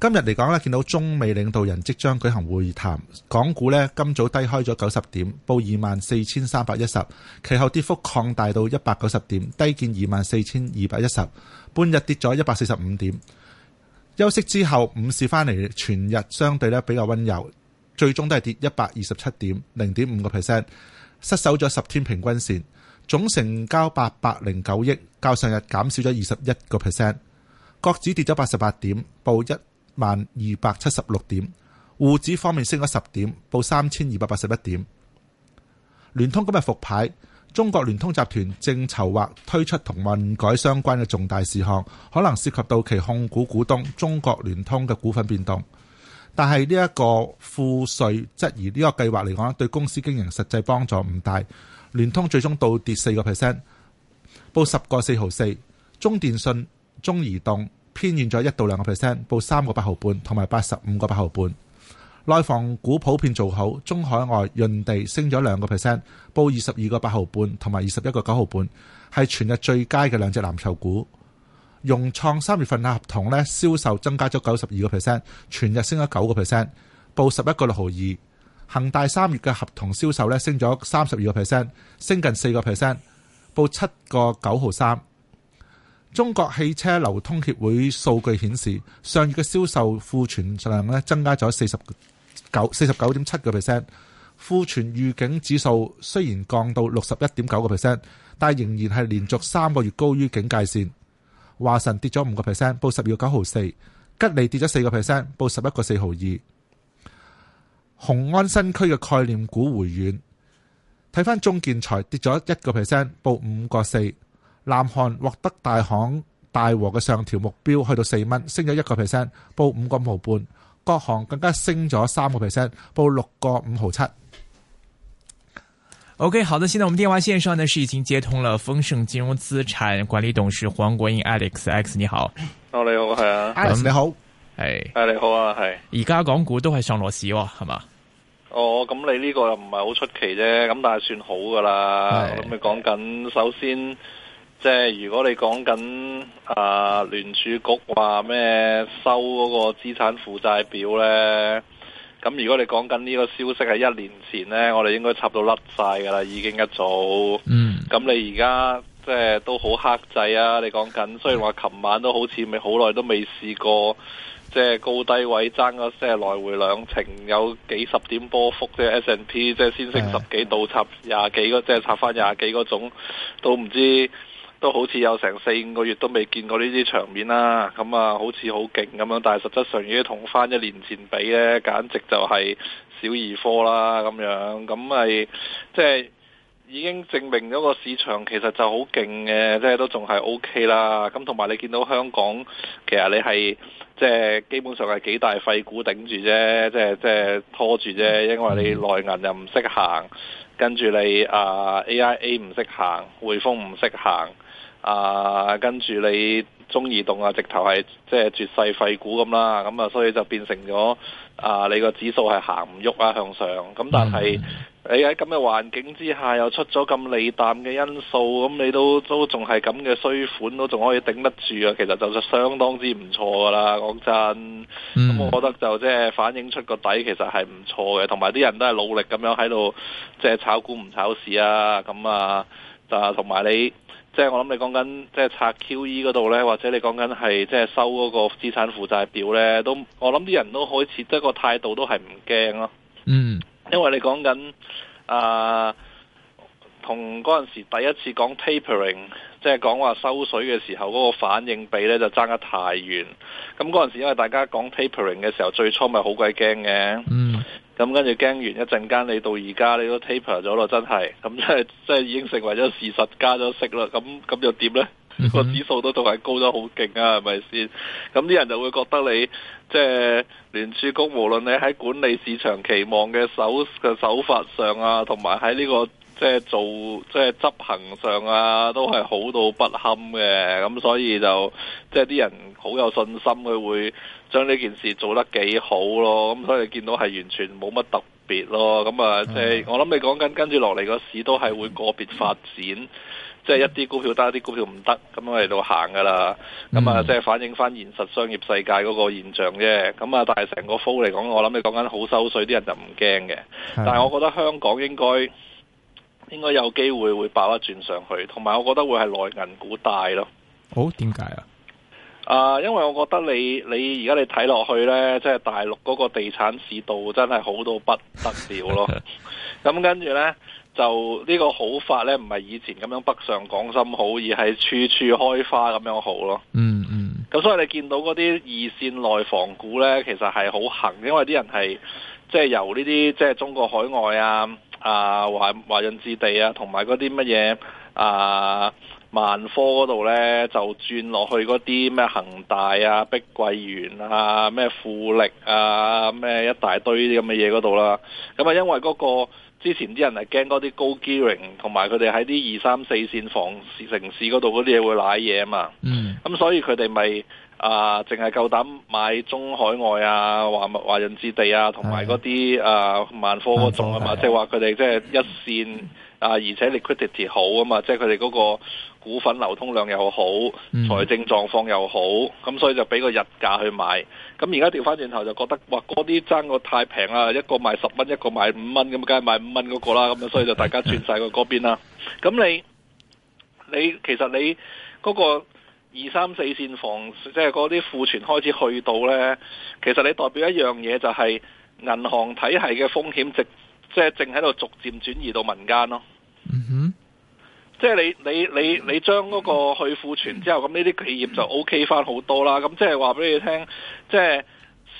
今日嚟講呢見到中美領導人即將舉行會談，港股呢，今早低開咗九十點，報二萬四千三百一十，其後跌幅擴大到一百九十點，低見二萬四千二百一十，半日跌咗一百四十五點。休息之後，午市翻嚟，全日相對呢比較溫柔，最終都係跌一百二十七點，零點五個 percent，失守咗十天平均線。總成交八百零九億，較上日減少咗二十一個 percent。國指跌咗八十八點，報一，萬二百七十六點，滬指方面升咗十點，報三千二百八十一點。聯通今日復牌，中國聯通集團正籌劃推出同混改相關嘅重大事項，可能涉及到其控股股東中國聯通嘅股份變動。但係呢一個富瑞質疑呢個計劃嚟講，對公司經營實際幫助唔大。聯通最終倒跌四個 percent，報十個四毫四。中電信、中移動。偏軟咗一到兩個 percent，報三個八毫半同埋八十五個八毫半。內房股普遍做好，中海外潤地升咗兩個 percent，報二十二個八毫半同埋二十一個九毫半，係全日最佳嘅兩隻藍籌股。融創三月份嘅合同咧銷售增加咗九十二個 percent，全日升咗九個 percent，報十一個六毫二。恒大三月嘅合同銷售咧升咗三十二個 percent，升近四個 percent，報七個九毫三。中國汽車流通協會數據顯示，上月嘅銷售庫存量咧增加咗四十九四十九點七個 percent，庫存預警指數雖然降到六十一點九個 percent，但仍然係連續三個月高於警戒線。華晨跌咗五個 percent，報十二個九毫四；吉利跌咗四個 percent，報十一個四毫二。雄安新區嘅概念股回軟，睇翻中建材跌咗一個 percent，報五個四。南韓獲得大行大和嘅上調目標，去到四蚊，升咗一個 percent，報五個五毫半。各行更加升咗三個 percent，報六個五毫七。OK，好的，現在我們電話線上呢是已經接通了豐盛金融資產管理董事黃國英 Alex X 你好。哦，你好，係啊 Alex,、嗯。你好，係、哎。啊、哎，你好啊，係。而家港股都係上落市，係嘛？哦，咁你呢個又唔係好出奇啫，咁但係算好噶啦。咁你講緊，首先。即係、呃、如果你講緊啊聯儲局話咩收嗰個資產負債表呢？咁如果你講緊呢個消息係一年前呢，我哋應該插到甩晒噶啦，已經一早。嗯。咁你而家即係都好克制啊！你講緊，雖然話琴晚都好似未好耐都未試過，即係高低位爭嗰即係來回兩程有幾十點波幅，即係 S&P 即係先升十幾度插廿幾個，即係插翻廿幾個種，都唔知。都好似有成四五個月都未見過呢啲場面啦，咁啊好似好勁咁樣，但係實質上如果同翻一年前比咧，簡直就係小兒科啦咁樣，咁咪即係已經證明咗個市場其實就好勁嘅，即係都仲係 OK 啦。咁同埋你見到香港其實你係即係基本上係幾大廢股頂住啫，即係即係拖住啫，因為你內銀又唔識行，跟住你啊、uh, AIA 唔識行，匯豐唔識行。啊，跟住你中移動啊，直頭係即係絕世廢股咁啦，咁啊，所以就變成咗啊，你個指數係行唔喐啊，向上。咁、啊、但係你喺咁嘅環境之下，又出咗咁利淡嘅因素，咁你都都仲係咁嘅衰款都仲可以頂得住啊。其實就相當之唔錯㗎啦，講真。咁、啊、我覺得就即係反映出個底其實係唔錯嘅，同埋啲人都係努力咁樣喺度，即係炒股唔炒市啊，咁啊啊，就同、啊、埋你。即係我諗你講緊即係拆 QE 度咧，或者你講緊係即係收嗰個資產負債表咧，都我諗啲人都開始即係個態度都係唔驚咯。嗯，因為你講緊啊，同嗰陣時第一次講 tapering，即係講話收水嘅時候嗰個反應比咧就爭得太遠，咁嗰陣時因為大家講 tapering 嘅時候，最初咪好鬼驚嘅。嗯。咁跟住驚完一陣間，你到而家你都 taper 咗咯，真係，咁即係即係已經成為咗事實，加咗息啦，咁咁又點呢？個、mm hmm。指數都仲係高咗好勁啊，係咪先？咁啲人就會覺得你即係聯儲局，無論你喺管理市場期望嘅手嘅手法上啊，同埋喺呢個即係做即係執行上啊，都係好到不堪嘅，咁所以就即係啲人好有信心佢會。將呢件事做得幾好咯，咁所以你見到係完全冇乜特別咯，咁啊、就是，即係、嗯、我諗你講緊跟住落嚟個市都係會個別發展，嗯、即係一啲股票得，一啲股票唔得，咁嚟到行噶啦，咁啊、嗯，即係反映翻現實商業世界嗰個現象啫。咁啊，但係成個幅嚟講，我諗你講緊好收水，啲人就唔驚嘅。嗯、但係我覺得香港應該應該有機會會爆一轉上去，同埋我覺得會係內銀股大咯。好、哦，點解啊？啊，uh, 因為我覺得你你而家你睇落去呢，即係大陸嗰個地產市道真係好到不得了咯。咁、 嗯嗯、跟住呢，就呢個好法呢，唔係以前咁樣北上廣深好，而係處處開花咁樣好咯。嗯嗯。咁、嗯、所以你見到嗰啲二線內房股呢，其實係好行，因為啲人係即係由呢啲即係中國海外啊啊華華潤置地啊，同埋嗰啲乜嘢啊。萬科嗰度呢，就轉落去嗰啲咩恒大啊、碧桂園啊、咩富力啊、咩一大堆啲咁嘅嘢嗰度啦。咁、嗯、啊，嗯、因為嗰、嗰個之前啲人係驚嗰啲高 gearing，同埋佢哋喺啲二三四線房市城市嗰度嗰啲嘢會瀨嘢啊嘛。嗯。咁、嗯、所以佢哋咪啊，淨係夠膽買中海外啊、華華潤置地啊，同埋嗰啲誒萬科嗰種啊嘛。即係話佢哋即係一線啊，而且 liquidity 好啊嘛，即係佢哋嗰個。股份流通量又好，財政狀況又好，咁所以就俾個日價去買。咁而家掉翻轉頭就覺得，哇，嗰啲爭個太平啦，一個賣十蚊，一個賣五蚊，咁梗係賣五蚊嗰個啦。咁啊，所以就大家轉晒去嗰邊啦。咁 你，你其實你嗰個二三四綫房，即係嗰啲庫存開始去到呢，其實你代表一樣嘢，就係銀行體系嘅風險值，即係正喺度逐漸轉移到民間咯。嗯哼。即係你你你你將嗰個去庫存之後，咁呢啲企業就 OK 翻好多啦。咁即係話俾你聽，即係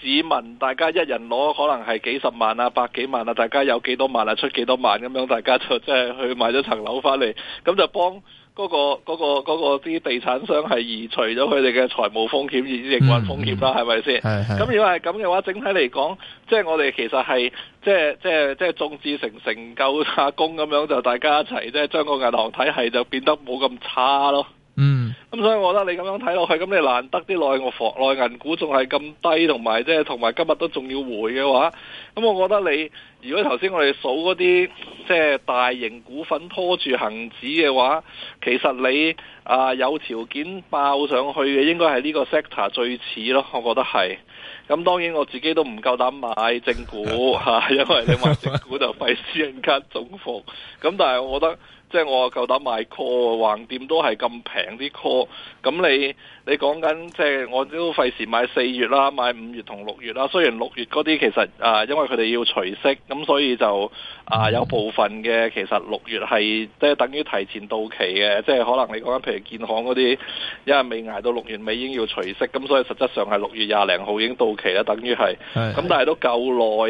市民大家一人攞可能係幾十萬啊、百幾萬啊，大家有幾多萬啊，出幾多萬咁樣，大家就即係去買咗層樓翻嚟，咁就幫。嗰個嗰啲地產商係移除咗佢哋嘅財務風險以至營運風險啦，係咪先？咁、嗯、 如果係咁嘅話，整體嚟講，即係我哋其實係即係即係即係眾志成城救下工咁樣，就大家一齊即係將個銀行體系就變得冇咁差咯。嗯，咁所以我覺得你咁樣睇落去，咁你難得啲內房內銀股仲係咁低，同埋即係同埋今日都仲要回嘅話。咁我覺得你如果頭先我哋數嗰啲即係大型股份拖住恒指嘅話，其實你啊、呃、有條件爆上去嘅應該係呢個 sector 最似咯，我覺得係。咁當然我自己都唔夠膽買正股嚇， 因為你買正股就費事更加總貨。咁但係我覺得。即係我夠膽買 call 橫掂都係咁平啲 call，咁你你講緊即係我都費事買四月啦，買五月同六月啦。雖然六月嗰啲其實啊、呃，因為佢哋要除息，咁所以就啊、呃、有部分嘅其實六月係即係等於提前到期嘅，即係可能你講緊譬如建行嗰啲，因為未捱到六月尾已經要除息，咁所以實質上係六月廿零號已經到期啦，等於係。咁但係都夠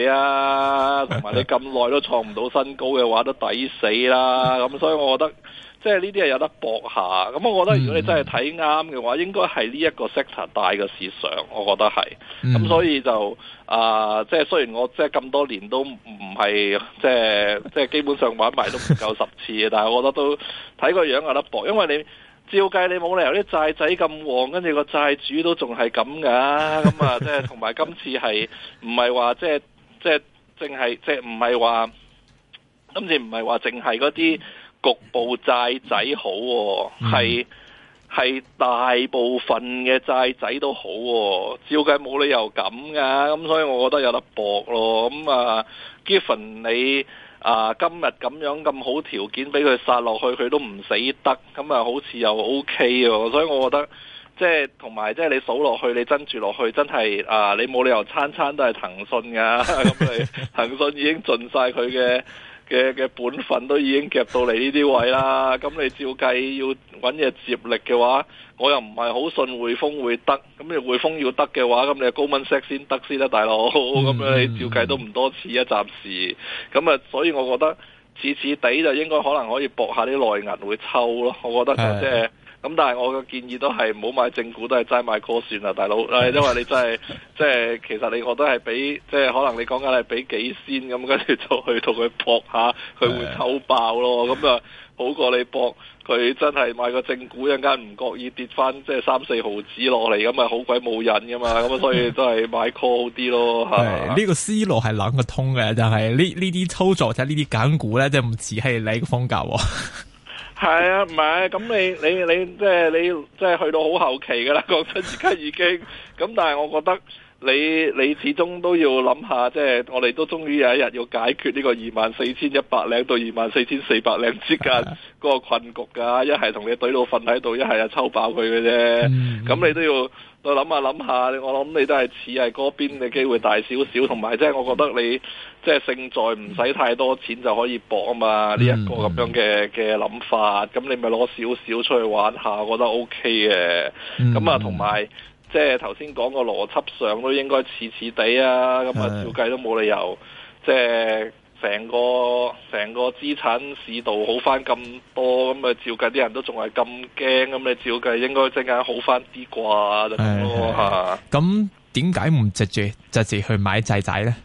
耐啊，同埋你咁耐都創唔到新高嘅話都抵死啦，咁。所以我覺得，即係呢啲係有得搏下。咁我覺得，如果你真係睇啱嘅話，嗯、應該係呢一個 sector 大嘅市場，我覺得係。咁、嗯、所以就啊、呃，即係雖然我即係咁多年都唔係，即係即係基本上玩埋都唔夠十次嘅，但係我覺得都睇個樣有得搏。因為你照計，你冇理由啲債仔咁旺，跟住個債主都仲係咁噶。咁啊，即係同埋今次係唔係話即係即係淨係即係唔係話今次唔係話淨係嗰啲。局部債仔好、哦，係係、嗯、大部分嘅債仔都好、哦，照計冇理由咁噶，咁、嗯、所以我覺得有得搏咯。咁、嗯、啊，Giffen 你啊，今日咁樣咁好條件俾佢殺落去，佢都唔死得，咁、嗯、啊好似又 OK 喎，所以我覺得即係同埋即係你數落去，你爭住落去，真係啊，你冇理由餐餐都係騰訊噶，咁你騰訊已經盡晒佢嘅。嘅嘅本份都已經夾到嚟呢啲位啦，咁 你照計要揾嘢接力嘅話，我又唔係好信匯豐會得，咁你匯豐要得嘅話，咁你高蚊息先得先啦，大佬，咁樣 你照計都唔多似啊，暫時，咁啊，所以我覺得似似哋就應該可能可以博下啲內銀會抽咯，我覺得就即係。 咁但係我嘅建議都係唔好買正股，都係齋買 call 算啦，大佬。誒，因為你真係 即係其實你我都係畀即係可能你講緊係畀幾仙咁，跟住就去同佢搏下，佢會抽爆咯。咁啊，好過你搏佢真係買個正股，一陣間唔覺意跌翻即係三四毫子落嚟，咁啊好鬼冇癮噶嘛。咁啊，所以都係買 call 好啲咯。係呢 吧個思路係兩個通嘅，就係呢呢啲操作就係呢啲揀股咧，即係唔似係你嘅風格。 係 啊，唔係啊，咁你你你即係你即係去到好後期噶啦，覺得而家已經，咁但係我覺得。你你始終都要諗下，即、就、係、是、我哋都終於有一日要解決呢個二萬四千一百零到二萬四千四百零之間個困局噶，一係同你懟到瞓喺度，一係啊抽爆佢嘅啫。咁、嗯、你都要諗下諗下，我諗你都係似係嗰邊嘅機會大少少，同埋即係我覺得你即係勝在唔使太多錢就可以搏啊嘛。呢一、嗯、個咁樣嘅嘅諗法，咁你咪攞少少出去玩下，我覺得 OK 嘅。咁啊、嗯，同埋、嗯。嗯即係頭先講個邏輯上都應該似似哋啊，咁啊照計都冇理由，的即係成個成個資產市道好翻咁多，咁啊照計啲人都仲係咁驚，咁你照計應該即係好翻啲啩咁咯，咁點解唔直接直接去買債仔呢？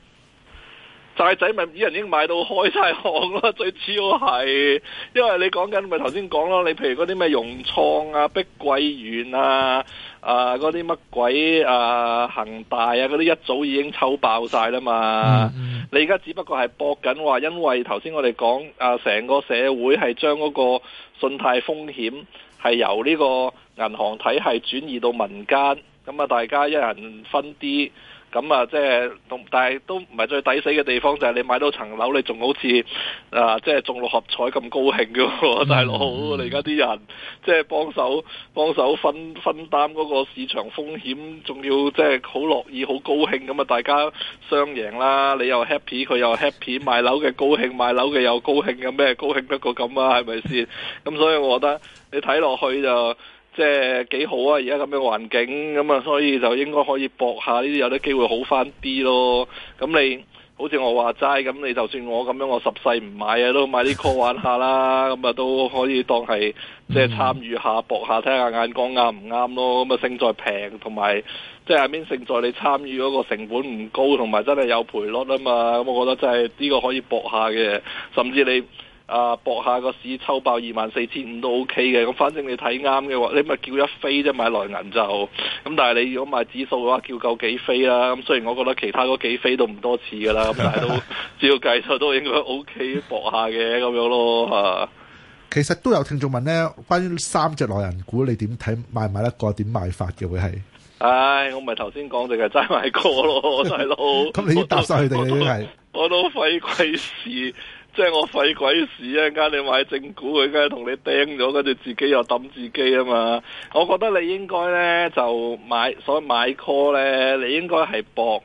債仔咪啲人已經買到開晒行啦，最主要係，因為你講緊咪頭先講咯，你譬如嗰啲咩融創啊、碧桂園啊。啊！嗰啲乜鬼啊，恒大啊，嗰啲一早已經抽爆晒啦嘛！嗯嗯、你而家只不過係搏緊話，因為頭先我哋講啊，成個社會係將嗰個信貸風險係由呢個銀行體系轉移到民間，咁、嗯、啊，大家一人分啲。咁啊，即係同，但係都唔係最抵死嘅地方，就係、是、你買到層樓，你仲好似啊，即、呃、係、就是、中六合彩咁高興嘅喎， 大佬，你而家啲人即係、就是、幫手幫手分分擔嗰個市場風險，仲要即係好樂意、好高興咁啊！大家雙贏啦，你又 happy，佢又 happy，買樓嘅高興，買樓嘅又高興，咁咩高興得過咁啊？係咪先？咁 所以我覺得你睇落去就。即係幾好啊！而家咁嘅環境，咁、嗯、啊，所以就應該可以搏下呢啲有啲機會好翻啲咯。咁、嗯、你，好似我話齋，咁你就算我咁樣，我十世唔買啊，都買啲 call 玩下啦。咁、嗯、啊，嗯、都可以當係即係參與下，搏下睇下眼光啱唔啱咯。咁、嗯、啊，勝在平，同埋即係下邊勝在你參與嗰個成本唔高，同埋真係有賠率啊嘛。咁、嗯、我覺得真係呢個可以搏下嘅，甚至你。啊！搏下個市抽爆二萬四千五都 OK 嘅，咁反正你睇啱嘅話，你咪叫一飛啫買內銀就咁。但係你如果買指數嘅話，叫夠幾飛啦？咁雖然我覺得其他嗰幾飛都唔多次㗎喇，咁但係都只要計數都應該 OK 搏下嘅咁樣咯嚇。 其實都有聽眾問咧，關於三隻內銀股你點睇，買唔買得過，點買法嘅會係？唉，我咪頭先講淨係齋買過咯，大佬。咁、 嗯、你要答晒佢哋嘅我都費鬼事。 即係我費鬼事啊！一陣間你買正股，佢梗係同你掟咗，跟住自己又抌自己啊嘛！我覺得你應該呢，就買，所以買 call 呢，你應該係博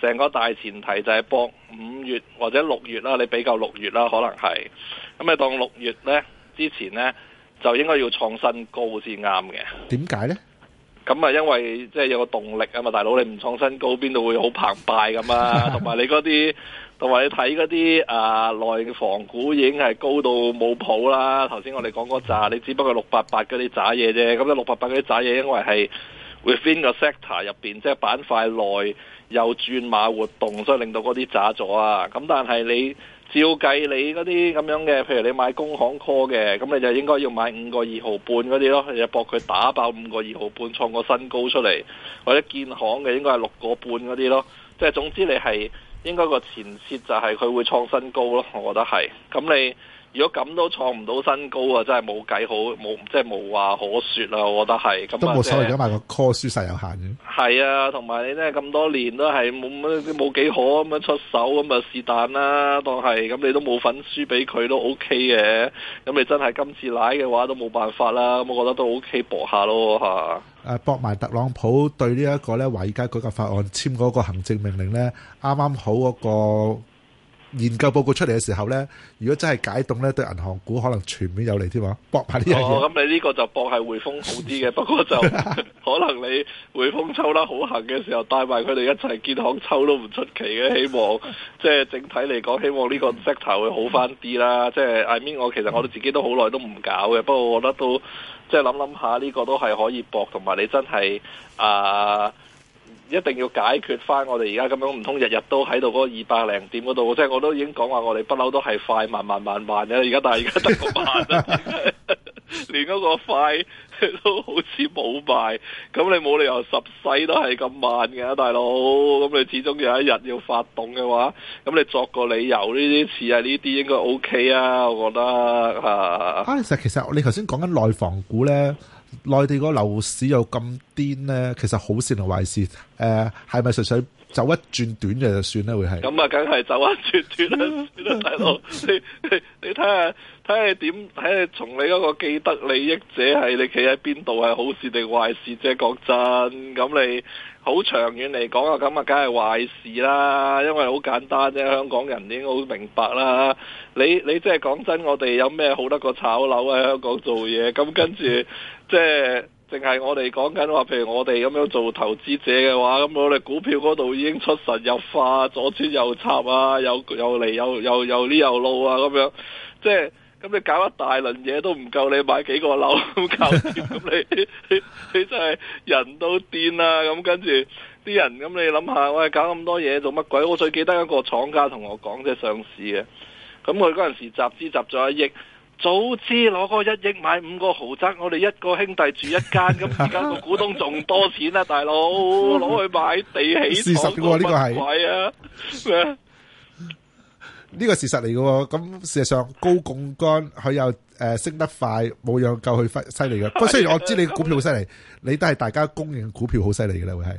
成個大前提就係博五月或者六月啦，你比較六月啦，可能係咁你當六月呢之前呢，就應該要創新高先啱嘅。點解呢？咁啊，因為即係、就是、有個動力啊嘛，大佬你唔創新高，邊度會好澎湃咁啊？同埋你嗰啲，同埋你睇嗰啲啊內房股已經係高到冇譜啦。頭先我哋講嗰扎，你只不過六八八嗰啲渣嘢啫。咁你六八八嗰啲渣嘢，因為係 within 個 sector 入邊，即、就、係、是、板塊內有轉馬活動，所以令到嗰啲渣咗啊。咁、嗯、但係你。照計你嗰啲咁樣嘅，譬如你買工行 call 嘅，咁你就應該要買五個二毫半嗰啲咯，你又搏佢打爆五個二毫半，創個新高出嚟，或者建行嘅應該係六個半嗰啲咯。即係總之你係應該個前設就係佢會創新高咯，我覺得係。咁你。如果咁都創唔到新高啊，真係冇計好，冇即係冇話可説啦，我覺得係咁啊，都冇所謂，而家買個 call 輸曬有限嘅。係啊，同埋你咧咁多年都係冇乜冇幾可咁樣出手，咁啊是但啦，當係咁你都冇份輸俾佢都 OK 嘅。咁你真係今次奶嘅話都冇辦法啦，咁我覺得都 OK 搏下咯嚇。誒、啊，搏埋特朗普對呢一個咧華爾街改革法案簽嗰個行政命令咧，啱啱好嗰、那個。研究報告出嚟嘅時候呢，如果真係解凍呢，對銀行股可能全面有利添啊！博下呢樣嘢。咁、oh, 你呢個就博係匯豐好啲嘅， 不過就可能你匯豐抽得好行嘅時候，帶埋佢哋一齊建行抽都唔出奇嘅。希望即係、就是、整體嚟講，希望呢個 sector 會好翻啲啦。即、就、係、是、I mean，我其實我哋自己都好耐都唔搞嘅，不過我覺得都即係諗諗下呢、這個都係可以博，同埋你真係啊。呃一定要解決翻我哋而家咁樣，唔通日日都喺度嗰二百零點嗰度？即係我都已經講話，我哋不嬲都係快慢慢慢，慢，慢嘅。而家但係而家得個慢，連嗰個快都好似冇埋。咁你冇理由十世都係咁慢㗎，大佬。咁你始終有一日要發動嘅話，咁你作個理由呢啲似啊，呢啲應該 O K 啊，我覺得嚇。啊，其實你頭先講緊內房股呢。內地個樓市又咁癲咧，其實好事定壞事，誒係咪純粹？走一轉短就算啦，會係。 咁 啊，梗係走一轉短啦，大佬。你你睇下，睇下點，睇下從你嗰個既得利益者係你企喺邊度係好事定壞事啫、啊，郭真，咁、嗯、你好長遠嚟講啊，咁啊梗係壞事啦，因為好簡單啫，香港人已經好明白啦。你你即係講真，我哋有咩好得過炒樓喺香港做嘢？咁、嗯、跟住即係。嗯 淨係我哋講緊話，譬如我哋咁樣做投資者嘅話，咁我哋股票嗰度已經出神入化，左穿右插啊，又又嚟又又又呢又路啊，咁樣，即係咁，你搞一大輪嘢都唔夠你買幾個樓咁搞掂，咁你你真係人都癲啦、啊，咁跟住啲人咁你諗下，喂，搞咁多嘢做乜鬼？我最記得一個廠家同我講，即上市嘅，咁佢嗰陣時集資集咗一億。早知攞嗰一億買五個豪宅，我哋一個兄弟住一間，咁而家個股東仲多錢啦、啊，大佬攞去買地起。啊、事實嘅喎、啊，呢、呢個係。咩？呢個事實嚟嘅。咁事實上高槓桿，高槓桿佢又誒升得快，冇樣夠佢犀利嘅。不過雖然我知你股票好犀利，的你都係大家公認股票好犀利嘅咧，會係。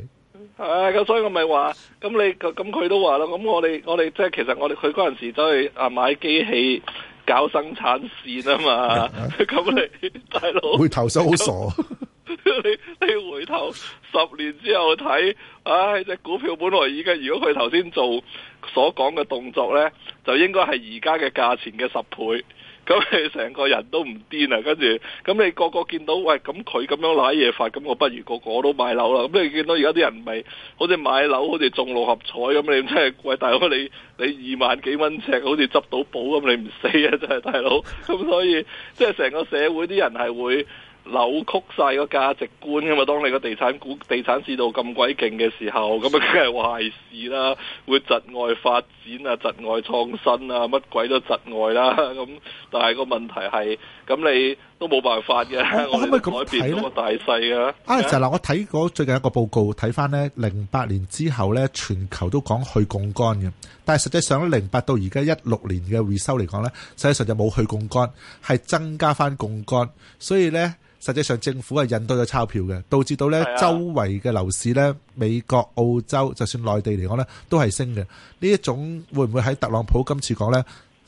係咁，所以我咪話，咁你咁佢都話咯，咁我哋我哋即係其實我哋佢嗰陣時走去啊買機器。搞生產線啊嘛，咁 你大佬回頭手好傻， 你你回頭十年之後睇，唉、哎，隻股票本來已經，如果佢頭先做所講嘅動作呢，就應該係而家嘅價錢嘅十倍。咁你成個人都唔癲啊！跟住，咁你個個見到，喂，咁佢咁樣揦嘢發，咁我不如個個個都買樓啦！咁、嗯、你見到而家啲人咪好似買樓好似中六合彩咁，你真係，喂，大佬你你二萬幾蚊尺，好似執到寶咁，你唔死啊！真係大佬，咁、嗯、所以即係成個社會啲人係會。扭曲晒個價值觀㗎嘛！當你個地產股、地產市道咁鬼勁嘅時候，咁啊梗係壞事啦，會窒礙發展啊、窒礙創新啊、乜鬼都窒礙啦咁。但係個問題係，咁你都冇辦法嘅，我哋改變呢個大勢啊。啊就嗱，我睇過最近一個報告，睇翻呢，零八年之後呢，全球都講去槓桿嘅，但係實際上零八到而家一六年嘅回收嚟講呢，實際上就冇去槓桿，係增加翻槓桿，所以呢。實際上政府係印多咗鈔票嘅，導致到呢周圍嘅樓市呢，美國、澳洲就算內地嚟講呢，都係升嘅。呢一種會唔會喺特朗普今次講呢，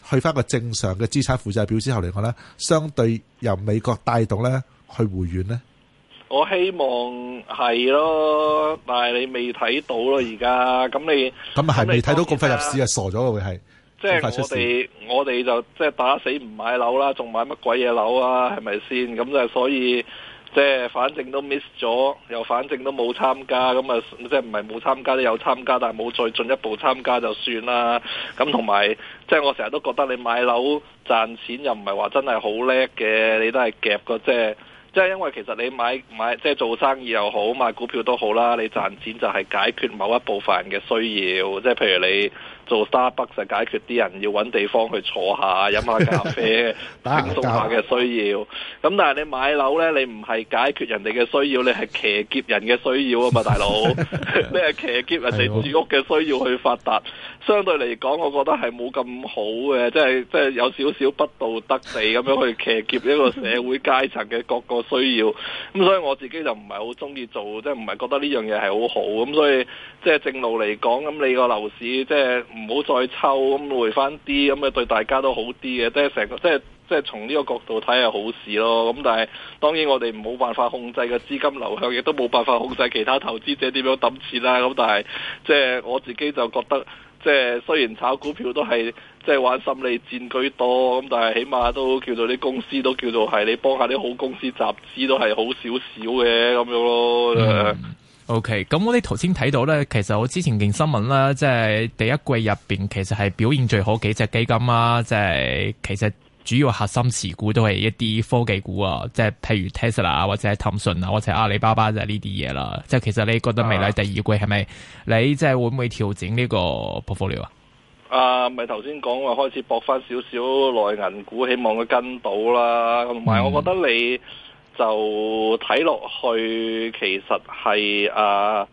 去翻個正常嘅資產負債表之後嚟講呢，相對由美國帶動呢去回軟呢？我希望係咯，但係你未睇到咯而家，咁你咁啊係未睇到咁快入市啊，傻咗啊會係。即係我哋，我哋就即係打死唔買樓啦，仲買乜鬼嘢樓啊？係咪先？咁就所以，即係反正都 miss 咗，又反正都冇參加，咁啊，即係唔係冇參加，都有參加，但係冇再進一步參加就算啦。咁同埋，即係我成日都覺得你買樓賺錢又唔係話真係好叻嘅，你都係夾㗎即係，即係因為其實你買買即係做生意又好，買股票都好啦，你賺錢就係解決某一部分嘅需要，即係譬如你。做沙北就解決啲人要揾地方去坐下、飲下咖啡、 輕鬆下嘅需要。咁但係你買樓呢，你唔係解決人哋嘅需要，你係騎劫人嘅需要啊嘛，大佬！ 你係騎劫人哋住屋嘅需要去發達。 相對嚟講，我覺得係冇咁好嘅，即係即係有少少不道德地咁樣去騎劫一個社會階層嘅各個需要。咁所以我自己就唔係好中意做，即係唔係覺得呢樣嘢係好好咁，所以即係、即係、正路嚟講，咁你個樓市即係。即係唔好再抽咁回翻啲，咁啊對大家都好啲嘅，即係成個即係即係從呢個角度睇係好事咯。咁但係當然我哋冇辦法控制個資金流向，亦都冇辦法控制其他投資者點樣揼錢啦、啊。咁但係即係我自己就覺得，即係雖然炒股票都係即係玩心理戰居多，咁但係起碼都叫做啲公司都叫做係你幫下啲好公司集資都係好少少嘅咁樣咯。嗯 O K，咁我哋頭先睇到咧，其實我之前見新聞啦，即係第一季入邊，其實係表現最好幾隻基金啦。即係其實主要核心持股都係一啲科技股啊，即係譬如 Tesla 啊，或者騰訊啊，或者阿里巴巴就呢啲嘢啦。即係其實你覺得未來第二季係咪、啊、你即係會唔會調整呢個 portfolio 啊？啊，咪頭先講話開始博翻少少內銀股，希望佢跟到啦。同埋，我覺得你。嗯就睇落去，其實係啊，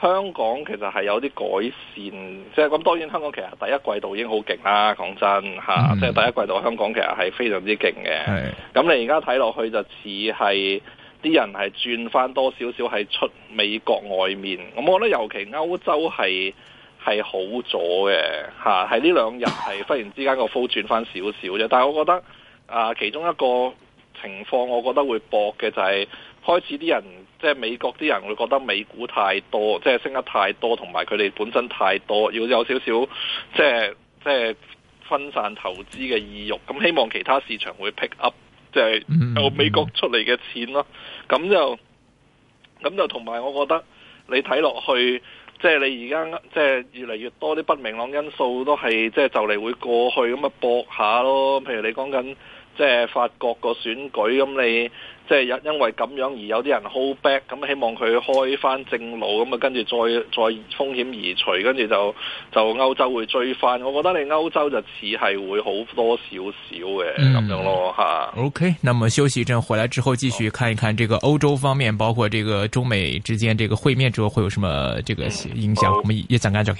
香港其實係有啲改善。即係咁，當然香港其實第一季度已經好勁啦。講真吓、啊嗯、即係第一季度香港其實係非常之勁嘅。咁是你而家睇落去就似係啲人係轉翻多少少係出美國外面。咁我覺得尤其歐洲係係好咗嘅吓，係呢兩日係忽然之間個 flow 轉翻少少啫。但係我覺得啊，其中一個。情況我覺得會博嘅就係開始啲人即係美國啲人會覺得美股太多，即係升得太多，同埋佢哋本身太多，要有少少即係即係分散投資嘅意欲。咁希望其他市場會 pick up，即係美國出嚟嘅錢咯。咁就咁就同埋我覺得你睇落去，即係你而家即係越嚟越多啲不明朗因素都係即係就嚟會過去，咁啊博下咯。譬如你講緊。即係法國個選舉，咁你即係因因為咁樣而有啲人 hold back，咁希望佢開翻正路，咁啊跟住再再風險移除，跟住就就歐洲會追翻。我覺得你歐洲就似係會好多少少嘅咁、嗯、樣咯嚇。OK，那麼休息一陣，回來之後繼續看一看這個歐洲方面，包括這個中美之間這個會面之後會有什麼這個影響，嗯、我們、嗯、一陣間再傾。